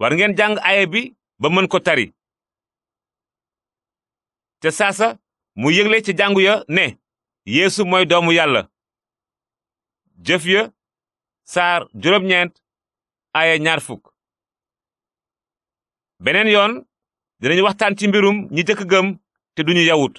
war ngeen jàng aaye bi ba mën ko tari ca saasa mu yëgle ci jàngu ya ne yéesu mooy doomu yàlla jëf ya saar juróom-ñeent aaye ñaar fukk beneen yoon dinañu waxtaan ci mbirum ñi jëkk gëm te duñu yawut